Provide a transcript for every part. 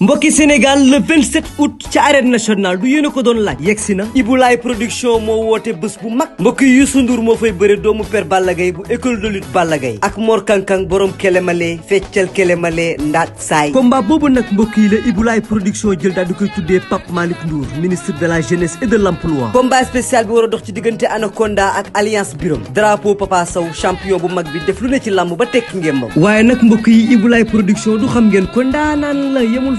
mbokki Sénégal le 27 août ca arène nationale du yéen a ko doon laaj yegg si na Ibulaay production moo woote bés bu mag mbokki Youssou Ndour moo fay bëre doomu per Balla Gaye bu école de lutte Balla Gaye ak Mor Kankang borom kelemale feccal kelemale ndaat saay combat boobu nag mbokk yi la Ibulaay production jël daal di koy tuddee Pape Malick Ndour ministre de la jeunesse et de l'emploi combat spécial bi war a dox ci diggante Anaconda ak alliance Birom drapeau Papa Sow champion bu mag bi def lu ne ci làmb ba tekki ngémbam waaye nag mbokk yi Ibulaay production du xam ngeen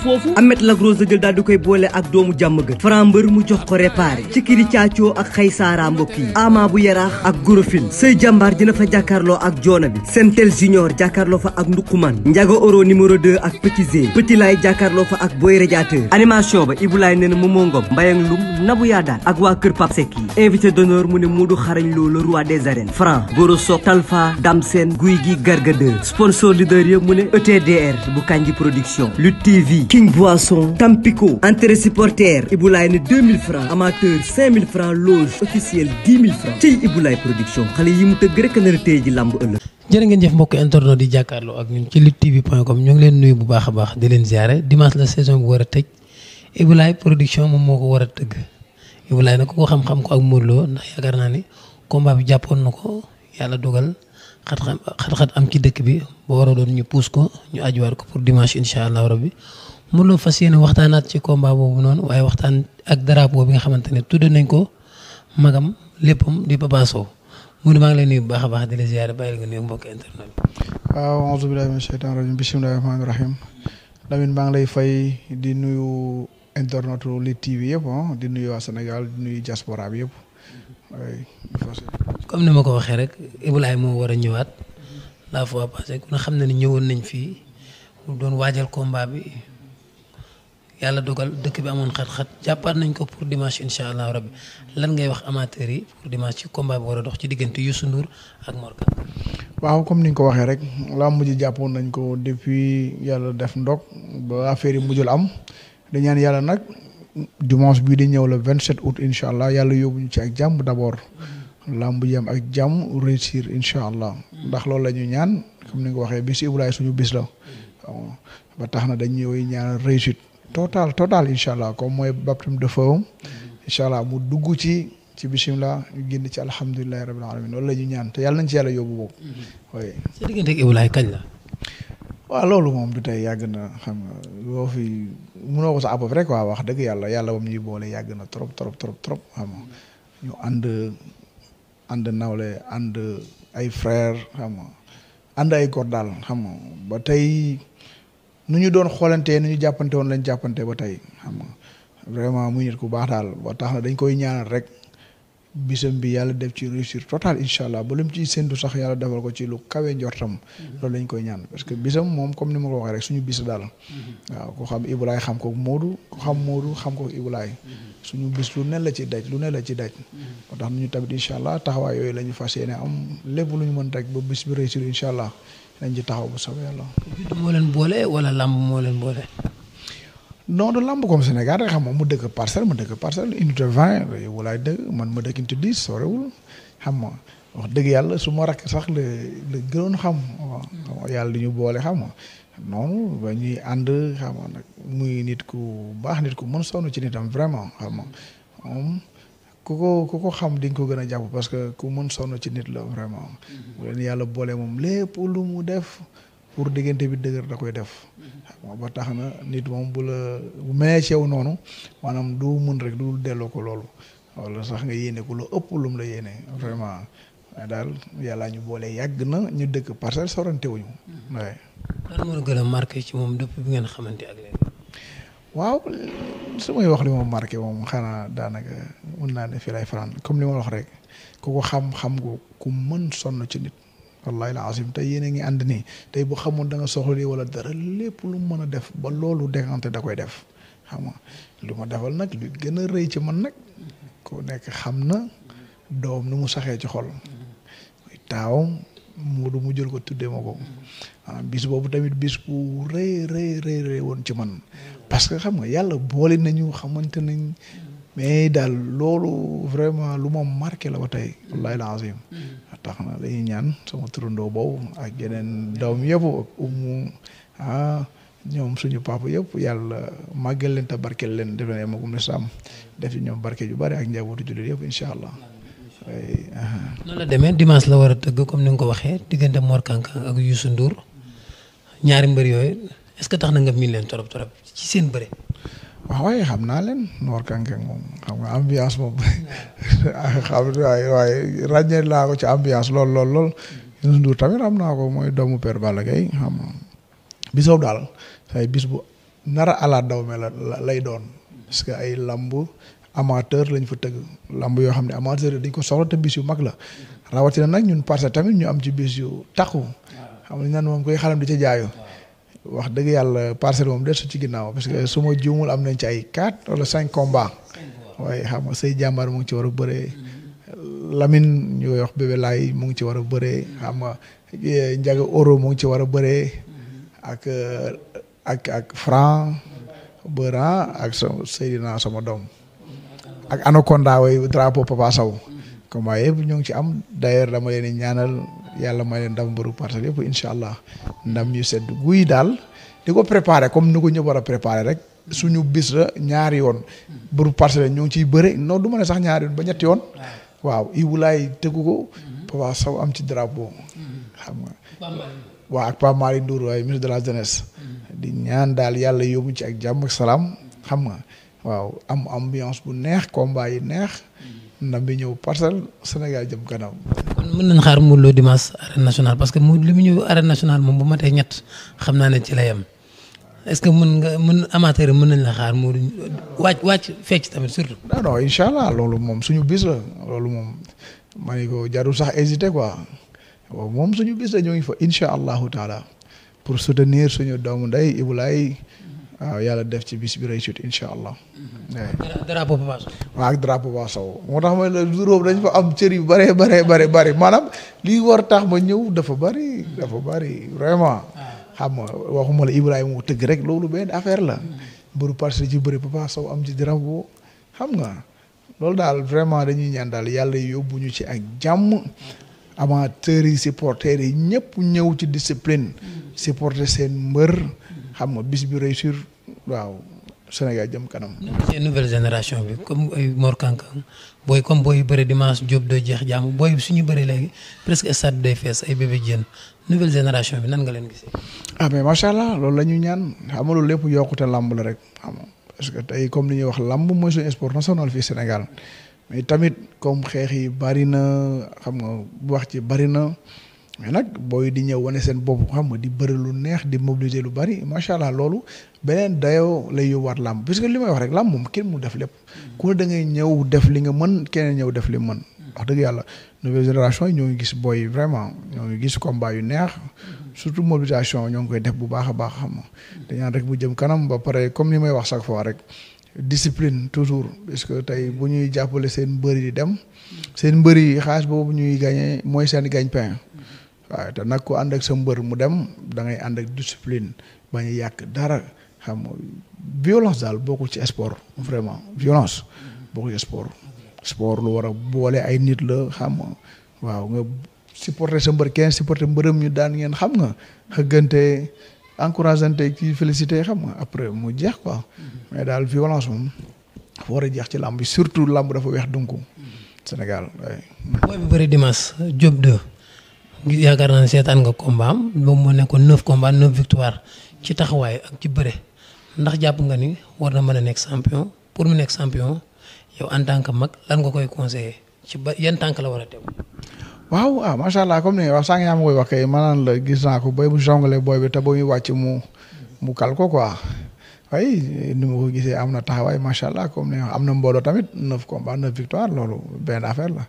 foofu Amet Lac Rose la jël daal di koy boole ak doomu jàmm gën Franc mbër mu jox ko réparé ci kiri caacoo ak xëy saara mbokk yi ama bu yaraax ak gorofil sëy jàmbaar dina fa jàkkaarloo ak joona bi sentel junior jàkkaarloo fa ak nduquman njaga oro numéro 2 ak petit zé petit laay jàkkaarloo fa ak boy radiateur animation ba ibulaay nee na moomoo ngom mbayang lum nabu yaa daan ak waa kër Pape Seck yi invité d'honneur mu ne Modou xarañ Lo le roi des arènes Franc Goro Sok Talfa Damsen guy gi gargadeur sponsor leader yëpp mu ne ETDR bu production Lutte King Boisson Tampico entrée supporter Iboulaye ne 2000 francs amateur 5000 francs loge officielle 10 production xale yi mu tëgg rek nar a tey ji làmb ëllëg. jërë ngeen jëf mbokk internet di jàkkaarloo ak ñun ci luttetv.com ñoo ngi leen nuyu bu baax a baax di leen ziare dimanche la saison bu war a tëj Iboulaye production moom moo ko war a tëgg Iboulaye ne ko ko xam-xam ko ak Modou Lo ndax yaakaar naa ni combat bi jàppoon na ko yàlla dogal. xat-xat am ci dëkk bi ba war a doon ñu puus ko ñu ajuwaat ko pour dimanche incha allah rabbi Modou Lo fas yéene waxtaanaat ci combat boobu noonu waaye waxtaan ak drapeau bi nga xamante ne tudd nañ ko magam léppam di Papa Sow maa ngi lay nuyu bu baax a baax di la ziare bàyyi la nga nuyu mbokk internet bi. maa ngi lay fay di nuyu internet Lutte TV yëpp ah, di nuyu waa Sénégal di nuyu diaspora yëpp. comme ni ma ko waxee rek Ibrahima moo war a ñëwaat. la fois passée ku ne xam na ne ñëwoon nañ fii doon waajal combat bi. yàlla dogal dëkk bi amoon xat-xat jàppaat nañ ko pour dimanche incha allah rabbi lan ngay wax amateur yi pour dimanche ci combat bi war a dox ci diggante Youssou Ndour ak Mor Kang waaw comme ni nga ko waxee rek laa mujj jàppoon nañ ko depuis yàlla def ndog ba affaire yi mujjul am di ñaan yàlla nag dimanche bii di ñëw la vingt 27 out incha allah yàlla yóbbuñu ci ak jàmm d'abord làmb am ak jàmm réussir incha allah ndax loolu la ñu ñaan comme ni nga ko waxee bis suñu bis total total incha allah comme mooy baptême de feu incha allah mu dugg ci ci bisimilah ñu génn ci alhamdulilah rabbil alamin loolu la ñu ñaan te yàlla nañ ci yàlla yóbbu boobu. oui. sa diggante ak Ibou Laye kañ la. waaw loolu moom du tey yàgg na xam nga loo fi mënoo ko sa àpp rek quoi wax dëgg yàlla yàlla moom ñuy boole yàgg na trop trop trop trop xam nga ñu ànd ànd nawle ànd ay frère xam nga ànd ay góor daal xam nga ba tey. nu ñu doon xoolantee nu ñu jàppante woon lañ jàppante ba tey xam nga vraiment muy nit ku baax daal ba tax na dañ koy ñaanal rek bisam bi yàlla def ci réussir total incha allah ba lu ciy séntu sax yàlla ko ci lu kawe njortam. Mm-hmm. loolu koy ñaan parce que bisam moom comme ni ma ko waxee rek suñu bis daal. Mm-hmm. waaw ku xam Ibulaay xam ko Moodu xam Moodu xam ko Ibulaay. Mm-hmm. suñu bis lu ne la ci daj lu ne la ci daj. ba na ñu tamit incha allah taxawaay yooyu la ñu fas yéene am lépp lu ñu mën rek ba bis bi réussir incha allah. dañ ci taxaw bu soobee yàlla. juddu leen boole wala làmb moo leen boole. non du làmb comme Sénégal rek xam nga mu dëkk parcelle mu dëkk parcelle unité 20 walaay dëgg man ma dëkk unité 10 sorewul xam nga wax dëgg yàlla su ma rakk sax la la gënoon xam. yàlla du ñu boole xam nga noonu ba ñuy ànd xam nga muy nit ku baax nit ku mën sonn ci nitam vraiment xam ku ko ku ko xam di nga ko gën a jàpp parce que ku mën sonn ci nit la vraiment. bu mhm. leen yàlla boole moom lépp lu mu def pour diggante bi dëgër da koy def. xam mhm. ba tax na nit moom bu la bu mënee ci yow noonu maanaam du mun rek du delloo ko loolu wala sax nga yéene ko lu ëpp lu mu la yéene vraiment. waaye daal yàlla ñu boole yàgg na ñu dëkk parcelle sorante wuñu waaye. Mhm. lan moo gën a marqué waaw su may wax li ma marqué moom xanaa daanaka mën naa ne fii lay faral comme li ma wax rek ku ko xam-xam ko ku mën sonn ci nit wallahi la asim tey yéen a ngi ànd nii tey bu xamoon danga nga lii wala dara lépp lu mu mën a def ba loolu déggante da koy def xam nga lu ma defal nag lu gën a rëy ci man nag ku nekk xam na doom nu mu saxee ci xol muy taawam Moodu mu jël ko tuddee ma ko maanaam bis boobu tamit bis bu rëy rëy rëy woon ci man parce que xam nga yàlla boole nañu xamante nañ mais daal loolu vraiment lu moom marqué la ba tey wallahi a mm-hmm. tax na dañuy ñaan sama turandoo boobu ak yeneen doom yëpp ak umu ah, ñoom suñu papa yëpp yàlla màggal leen te barkeel leen def na magum ne sàmm def ñoom barke ju bari ak njabootu jullit yëpp incha allah ah. noonu la demee dimanche la war a tëgg comme ni nga ko waxee diggante Mor Kankan ak Youssou Ndour ñaari mbër yooyu est-ce que tax na nga miin leen torop torop ci seen bëre. waaw waaye xam naa leen Noor Kanke moom xam nga ambiance moom waaye waaye laa ko ci ambiance lool lool lool. Mm-hmm. Youssou Ndour tamit xam naa ko mooy doomu Père Balla Gaye xam nga bisoo daal bu nara alaat daw me la lay parce que ay lamb amateur lañ fa tëgg lamb yoo xam ne amateur dañ ko soxla te bis yu mag la mm-hmm. rawatina nag ñun parce tamit ñu am ci bis yu takku. xam nga ñan moom koy xalam di ci jaayoo. wax dëgg yàlla parcelle moom desu ci ginnaaw parce que su ma juumul am nañ ci ay quatre wala cinq combats. waaye xam nga say jàmbaar mu ngi ci war a bëree. Lamine ñu laay mu ngi ci war a bëree xam nga eh, Ndiaga Oro mu ci war a bëree. ak eh, ak ak Franc. Bëran ak sama Seydina sama doom. ak Anaconda way drapeau Papa Sow. comme yëpp ñu ngi ci am d'ailleurs dama leen ñaanal. yàlla may leen ndam mbëru parcelles yëpp incha allah ndam ñu sedd guy daal di ko préparé comme ni ko ñëpp war a préparé rek suñu bis la ñaari yoon mbëru parcelles ñu ngi ciy bëre non du ma sax ñaari yoon ba ñetti yoon waaw Ibulaay tëggu ko mm-hmm. Papa Sow am ci drapeau mm-hmm. xam nga waaw ak de la jeunesse mm-hmm. di ñaan daal yàlla yóbbu ci ak jàmm ak xam nga waaw am ambiance bu neex combat yi neex ndam bi ñëw parcelle Sénégal jëm kanam. kon nañ xaar Modou Lo dimanche arène nationale parce que mu li mu ñëw arène nationale moom bu matee ñett xam naa ne ci que mën nga mën amateur yi mën nañ la xaar Modou wàcc wàcc fecc tamit surtout. non non incha allah loolu moom suñu bis loolu moom ma ne ko jarul sax hésité moom suñu bis la ñu ngi fa incha allahu taala pour soutenir suñu doomu ndey Ibou Laye waaw yàlla def ci bis bi rëy allah. Mhm. drapeau Papa Sow. ak drapeau Papa Sow moo tax ma ne juróom dañ fa am cër yu bëree bëree bëri bëri maanaam lii war taax ma ñëw dafa bëri dafa bëri vraiment. xam nga waxuma la Ibrahima mu tëgg rek loolu benn affaire la. Mhm. mbëru parce ci bëri Papa Sow am ci drapeau xam nga loolu daal vraiment dañuy ñaan daal yàlla yóbbu ñu ci ak jàmm. amateurs yi supporters yi ñëpp ñëw ci discipline. Mhm. supporter seen mbër. xam nga bis bi réussir waaw Sénégal jëm kanam. nouvelle génération bi comme ay Mor Kankan booy comme booy yu bëri dimanche Diop doo jeex jàmm booy suñu bëri léegi presque stade day fees ay bébé jën nouvelle génération bi nan nga leen gisee. ah mais macha allah loolu la ñuy ñaan xam nga loolu lépp yokkute làmb la rek xam nga parce que tey comme li ñuy wax làmb mooy suñu sport national fii Sénégal mais tamit comme xeex yi bari na xam nga wax ci bari na. mais nag booy di ñëw wane seen bopp xam nga di bëri lu neex di mobiliser lu bari macha allah loolu beneen dayoo lay yóbbuwaat làmb parce que li may wax rek làmb moom kenn mu def lépp. ku da ngay ñëw def li nga mën keneen ñëw def li mën. wax dëgg yàlla nouvelle génération yi ñoo ngi gis booy vraiment ñoo ngi gis combat yu neex surtout mobilisation ñoo ngi koy def bu baax a baax xam nga dañaan rek bu jëm kanam ba pare comme ni may wax chaque fois rek discipline toujours parce que tey bu ñuy jàppale seen mbër yi di dem seen mbër yi xaalis boobu ñuy gagné mooy seen gagne-pain waaw te nag ku ànd ak sa mbër mu dem da ngay ànd ak discipline bañ a yàq dara xam nga violence daal bokkul ci sport vraiment violence bokkul ci sport. sport lu war a boole ay nit la xam nga waaw nga supporter sa mbër kenn supporter mbërëm ñu daan ngeen xam nga xëggante encourageante kii félicité xam nga après mu jeex ko mais daal violence moom dafa war a jeex ci làmb bi surtout làmb dafa weex dunku Sénégal. mooy bu bëri Dimanche Diop 2. yaakaar naa ne seetaan nga combat am moom moo nekkoon neuf combat neuf victoire ci taxawaay ak ci bëre ndax jàpp nga ni war na mën a nekk champion pour mu nekk champion yow en tant mag lan nga koy conseiller ci ba yan tànk la war a tew waaw a ah, macha allah comme ni nga wax sànq yaa ma koy gis naa ko ba mu booy bi te ba muy mu mu kal ko quoi waaye ma ko gisee am na taxawaay macha allah comme ni nga am na mbooloo tamit neuf combat neuf victoire loolu benn affaire la.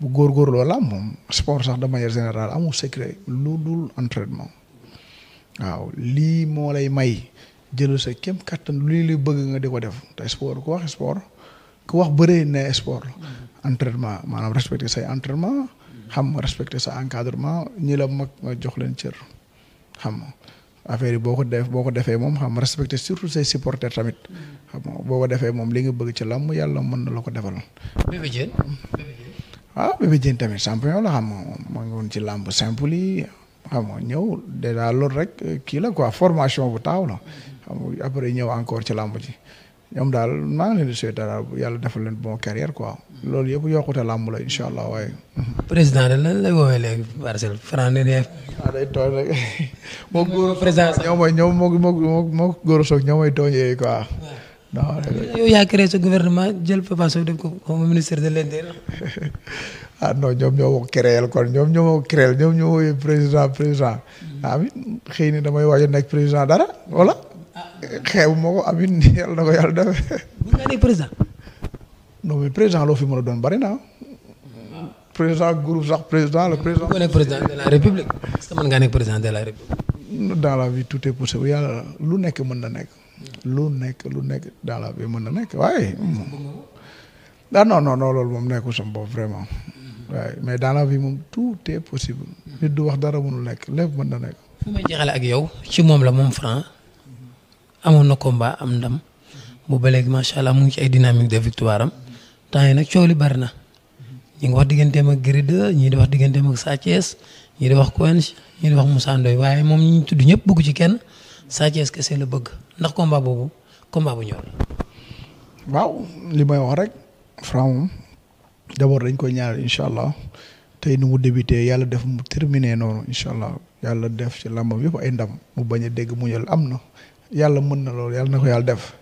bu góor góorgóorloo la moom sport sax de manière générale amul secret lu dul entraînement waaw lii moo lay may jël sa kem kattan lu li bëgg nga di ko def te sport ku wax sport ku wax bëree ne sport entraînement maanaam respecter say entraînement xam nga respecter sa encadrement ñi la mag nga jox leen cër xam nga affaire yi boo ko def boo ko defee moom xam respecté surtout say supporters tamit xam boo ko defee moom li nga bëgg ci làmb yàlla mën na la ko defal. waaw Bébé Diène tamit champion la xam nga maa ci làmb simple yi xam nga ñëw dèjà loolu rek kii la quoi formation bu taaw la xam après ñëw encore ci làmb ci ñoom daal maa ngi leen di souhaiter daal yàlla defal leen bon carrière loolu yëpp yokkute làmb la incha allah waaye. président de lan lay woowee léegi parcelle Franc ne def. waaw day tooñ quoi. non yow yaa créé sa gouvernement jël Papa Sow def ko comme ministre de l'intérieur. ah non ñoom ñoo ko créé kon ñoom ñoo ko créé ñoom ñoo woowee président président. Hmm. amin xëy na damay waaj a nekk président dara wala. Ah. xeebu moo ko amin yàlla na ko yàlla defee. bu ñu nekk président. non mais loo fi mën a doon bari naa. président groupe sax président la république. est-ce président de la république. dans la vie tout est possible yàlla lu nekk mën na nekk. lu nekk lu nekk dans la vie mën na nekk waaye. ah na non non loolu moom nekkul sama bopp vraiment. waaye mais dans la moom tout est wax dara mënul nekk lépp mën na nekk. fu may jeexale ak yow ci moom la moom Franc amoon na combat am ndam. mu ba léegi macha allah mu ngi ci ay dynamique de victoire am temps yi nag coow li bari na ñi ngi wax digganteem ak Gris 2 ñii wax digganteem ak Sa Thiès ñii di wax Quench ñii di wax Moussa Ndoye waaye moom ñi ñu ñëpp bëgg ci kenn. Sa Thiès la bëgg ndax combat boobu combat bu ñor waaw li may wax rek Franc moom d' dañ koy ñaar incha allah tey nu mu débuté yàlla def mu terminé noonu incha allah yàlla def ci làmbam yëpp ay ndam mu bañ a dégg muñal am na yàlla mën na loolu yàlla na ko yàlla def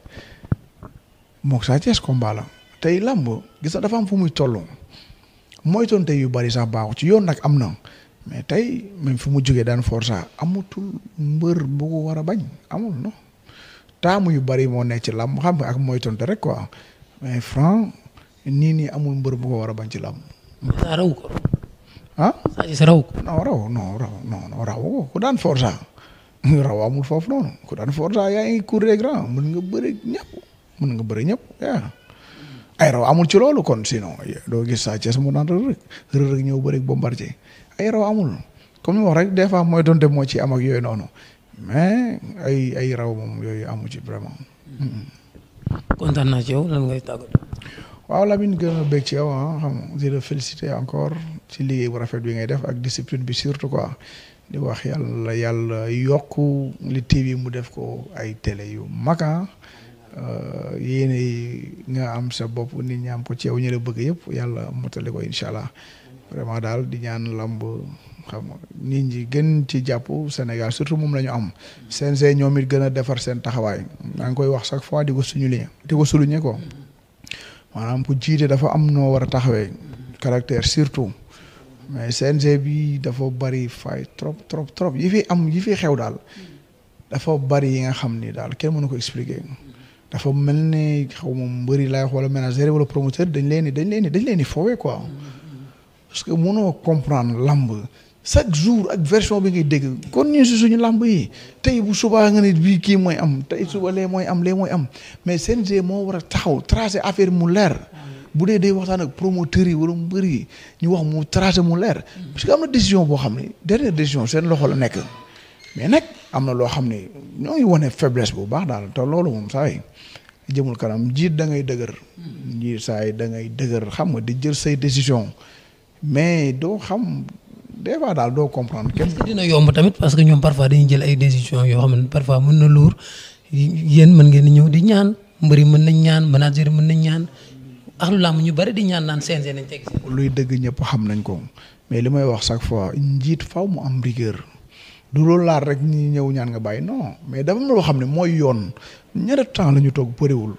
moog Sa Thiès la tey làmb gis na dafa am fu muy toll mooy tonte yu bari sax baaxu ci yoon nag am na. mais tey même fu mu jógee daan forsa amatul mbër bu ko war a bañ amul non taamu yu bari moo nekk ci làmb xam nga ak mooy tontu rek quoi mais franc nii nii amul mbër bu ko war a bañ ci làmb. saa raw ko. ah. saa raw ko. non ku daan forsa raw amul foofu noonu ku daan forsa yaa ngi cour des grands mën nga bëri ñëpp mën nga bëri ñëpp yaa ay raw amul ci loolu kon sinon doo gis Sa Thiès mu daan Reug Reug Reug Reug ñëw bëri ay raw amul comme ni wax rek des fois mooy donte moo ci am ak yooyu noonu mais ay ay raw moom yooyu amu ci vraiment. kontaan naa ci yow lan ngay tàggatoo. waaw Lamine gën a bëgg ci yow ah xam nga encore ci liggéey bu rafet bi ngay def ak discipline bi surtout quoi di wax yàlla yàlla yokk li TV mu def ko ay télé yu mag ah euh, yéen nga am sa bopp ni ñi ko ci yow ñu la bëgg yëpp yàlla motali ko incha allah. vraiment daal di ñaan lamb xam nga nit ñi gën ci jàpp Sénégal surtout moom la ñu am. CNG ñoom it gën a defar seen taxawaay. maa ngi koy wax chaque fois di ko suñu lii di ko souligner ko maanaam ku jiite dafa am noo war a taxawee. caractère surtout. mais CNG bi dafa bari fay trop trop trop yi fi am yi fi xew daal. dafa bari yi nga xam ni daal kenn mënu ko expliquer. dafa mel ni xaw ma mbëri laay wax wala ménager wala promoteur dañ leen di dañ leen di dañ leen di foowee quoi. parce que mënoo comprendre lamb chaque jour ak version bi ngay dégg kon ñu si suñu lamb yi tey bu subaa nga ni bii kii mooy am tey suba lee mooy am lee mooy am mais CNG moo war a taxaw tracé affaire mu leer. bu dee day waxtaan ak promoteurs yi wala mbër yi ñu wax mu tracé mu leer. parce que am na décision boo xam ne dernière décision seen loxo la nekk. mais nag am na loo xam ne ñooy ngi wane faiblesse bu baax daal te loolu moom saay yi jëmul kanam jiit da ngay dëgër. jiit saa da ngay dëgër xam nga di jël say décision. mais doo xam des fois daal doo comprendre kenn. dina yomb tamit parce que ñoom parfois dañuy jël ay décisions yoo xam ne parfois mën na luur yéen mën ngeen ñëw di ñaan mbëri mën nañ ñaan manager mën nañ ñaan ak lu làmb ñu bari di ñaan naan CNG nañ teg luy dëgg ñëpp xam nañ ko mais li may wax chaque fois njiit faw mu am rigueur. du loolu laal rek ñi ñëw ñaan nga bàyyi no mais dafa am loo xam ne mooy yoon ñaata temps la ñu toog bëriwul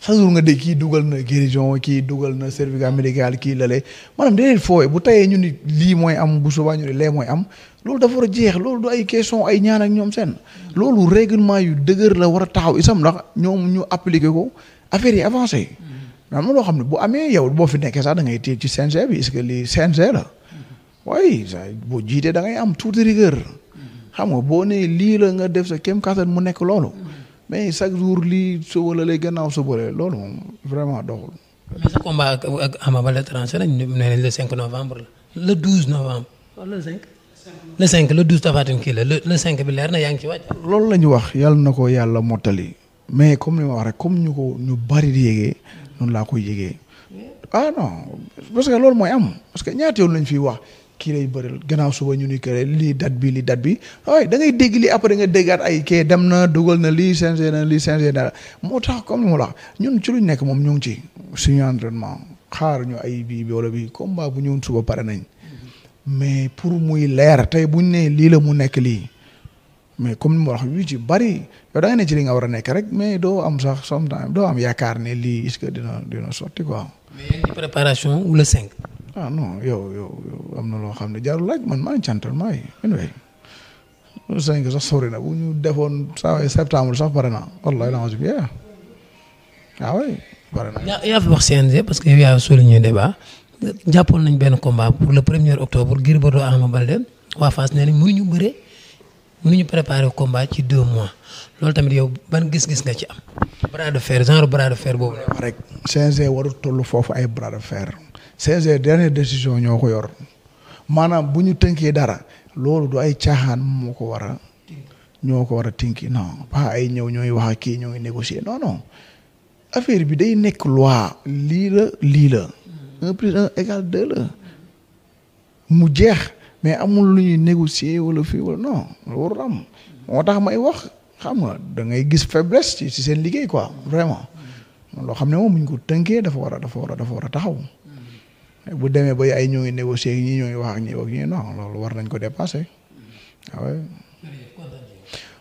chaque jour nga de kii dugal na guérison kii dugal na cervical médical kii lale maanaam déedéet fooy bu tayee ñu ni lii mooy am bu subaa ñu lee mooy am loolu dafa war a jeex loolu du ay question ay ñaan ak ñoom seen loolu règlement yu dëgër la war a taxaw isam ndax ñoom ñu appliqué ko affaire yi avancé mm-hmm. am na loo xam ne bu amee yow boo fi nekkee sax da ngay téye ci CNG bi est-ce que lii CNG la mm-hmm. waaye boo jiitee da ngay am tuuti rigueur mm-hmm. xam nga boo nee lii la nga def sa kéem kattan mu nekk loolu mais chaque jour lii suba la lay gannaaw suba loolu moom vraiment doxul. mais sa combat ak ak Ama Baldé tranché nañ nee nañ le 5 novembre la le 12 novembre wala oh, le 5. le 5 le 12 Tapha Tine kii la le 5 bi leer na yaa ngi ci wàcc. loolu la ñu wax yàlla na ko yàlla mottali mais comme ni ma wax rek comme ñu ko ñu bari di yëgee noonu laa koy yëgee ah non parce que loolu mooy am parce que ñaata yoon lañ fiy wax. kii lay bëril gannaaw suba ñu ni këree lii dat bi lii dat bi waaye da ngay dégg lii après nga déggaat ay kee dem na dugal na lii changé na lii changé na moo tax comme ni ma la ñun ci luñ nekk moom ñu ngi ci suñu entraînement xaar ay bii bi bi combat bu ñëwoon suba pare nañ mais pour muy leer tey buñ nee lii la mu nekk lii mais comme ni mu wax yu ci bari yow da ne ci li nga war a nekk rek mais doo am sax sometimes doo am yaakaar ne lii est que dina dina sotti quoi. mais yéen ci préparation ou le 5. ah non yow yow yow am na loo xam ne jaarul laaj man maa ngi cantal maa ngi anyway sëñ bi sax sori na bu ñu defoon saa septembre sax pare na yaa ah oui pare na. yaa fi wax CNG parce que yow yaa souligné débat jàppoon nañ benn combat pour le premier octobre Gris Bordeaux Ama mu waa Fass nee nañ mënuñu bëre mënuñu préparer ci deux mois loolu tamit yow ban gis-gis nga ci am. bras de fer genre bras de fer boobu. rek CNG warul toll foofu ay bras de fer. CNG dernière décision ñoo ko yor maanaam bu ñu tënkee dara loolu du ay caaxaan moo ko war a ñoo ko war a tënki non pas ay ñëw ñooy wax ak kii ñoo ngi négocier non non affaire bi day nekk loi lii la lii la un plus un égale mu jeex mais amul lu ñuy négocier wala fii wala war loolu am moo tax may wax xam nga da ngay gis faiblesse ci seen liggéey quoi vraiment loo xam ne moom bu ko tënkee dafa war a dafa war dafa war a taxaw. bu demee ba ay ñoo ngi négocier ñii ñoo ngi wax ak ñii loolu war nañ ko dépasser waaw. Ah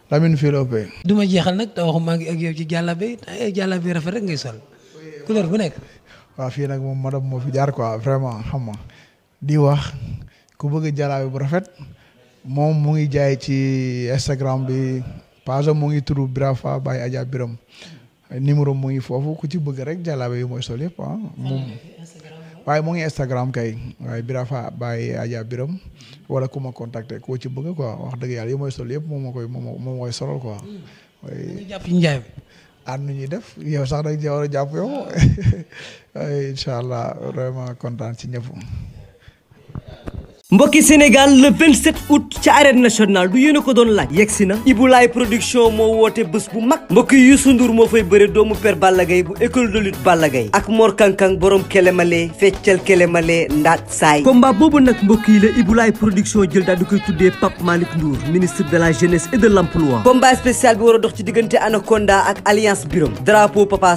Lamine fii la ëppee. du ma jeexal nag te waxuma ak yow ci jàllabe ay rafet rek ngay sol. bu nekk. waaw fii nag moom madame moo fi jaar quoi vraiment xam nga di wax ku bëgg jàllabe bu rafet moom mu ngi jaay ci Instagram bi page mu ngi turu Birafa Baye Adja Biram numéro mu ngi foofu ku ci bëgg rek jàllabe yi mooy sol yëpp ah waaye mu ngi Instagram kay waaye Birafa Baye Adja Biram wala ku ma contacter koo ci bëgg quoi wax dëgg yàlla yi mooy sol yëpp moom moo koy moom moo koy solal quoi. mooy jàpp ci ah, ñuy def yow sax nag war a jàpp yow incha allah vraiment kontaan ci ñëpp. mbokki Sénégal le 27 août ci arène nationale du yéena ko doon laaj yegsi na Ibulaay production moo woote bés bu mag mbokki Youssou Ndour moo fay bëre doomu per Balla Gaye bu école de lutte Balla Gaye ak Mor Kankang borom kelemale feccal kelemale ndaat saay combat boobu nag mbokk yi la Ibulaay production jël daal di koy tuddee Pape Malick Ndour ministre de la jeunesse et de l'emploi combat spécial bi war a dox ci diggante Anaconda ak Alliance Birom drapeau Papa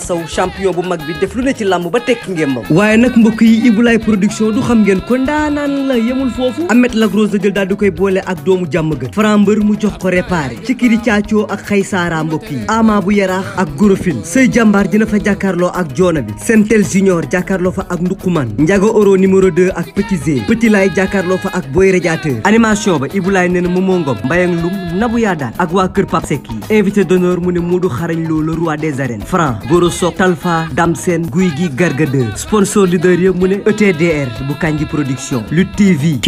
bu mag bi def lu ne ci làmb ba tekki ngémbam waaye nag mbokk yi Ibulaay production du xam ngeen ko ndaanaan la foofu Amet Lac jël daal di koy boole ak doomu jàmm gën Franc mbër mu jox ko réparé ci kiri caacoo ak xay saara mbokk yi ama bu yaraax ak gorofil sëy jàmbaar dina fa jàkkaarloo ak joona bi seen sentel junior jàkkaarloo fa ak ndukuman njaga oro numéro 2 ak petit zé petit laay jàkkaarloo fa ak boy radiateur animation ba ibulaay nee na momo ngom mbayang lum nabu yaa daan ak waa kër pap sek yi invité d'honneur mu ne Modou xarañ Lo le roi des arènes franc goro sok talfa dam seen guy gi gargadeur sponsor leader yëpp mu ne etdr bu production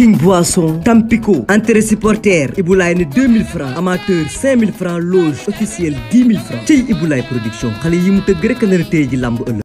King Boisson Tampico entrée supporter Iboulaye ne francs amateur francs loge officielle francs ci Iboulaye production xale yi mu tëgg rek na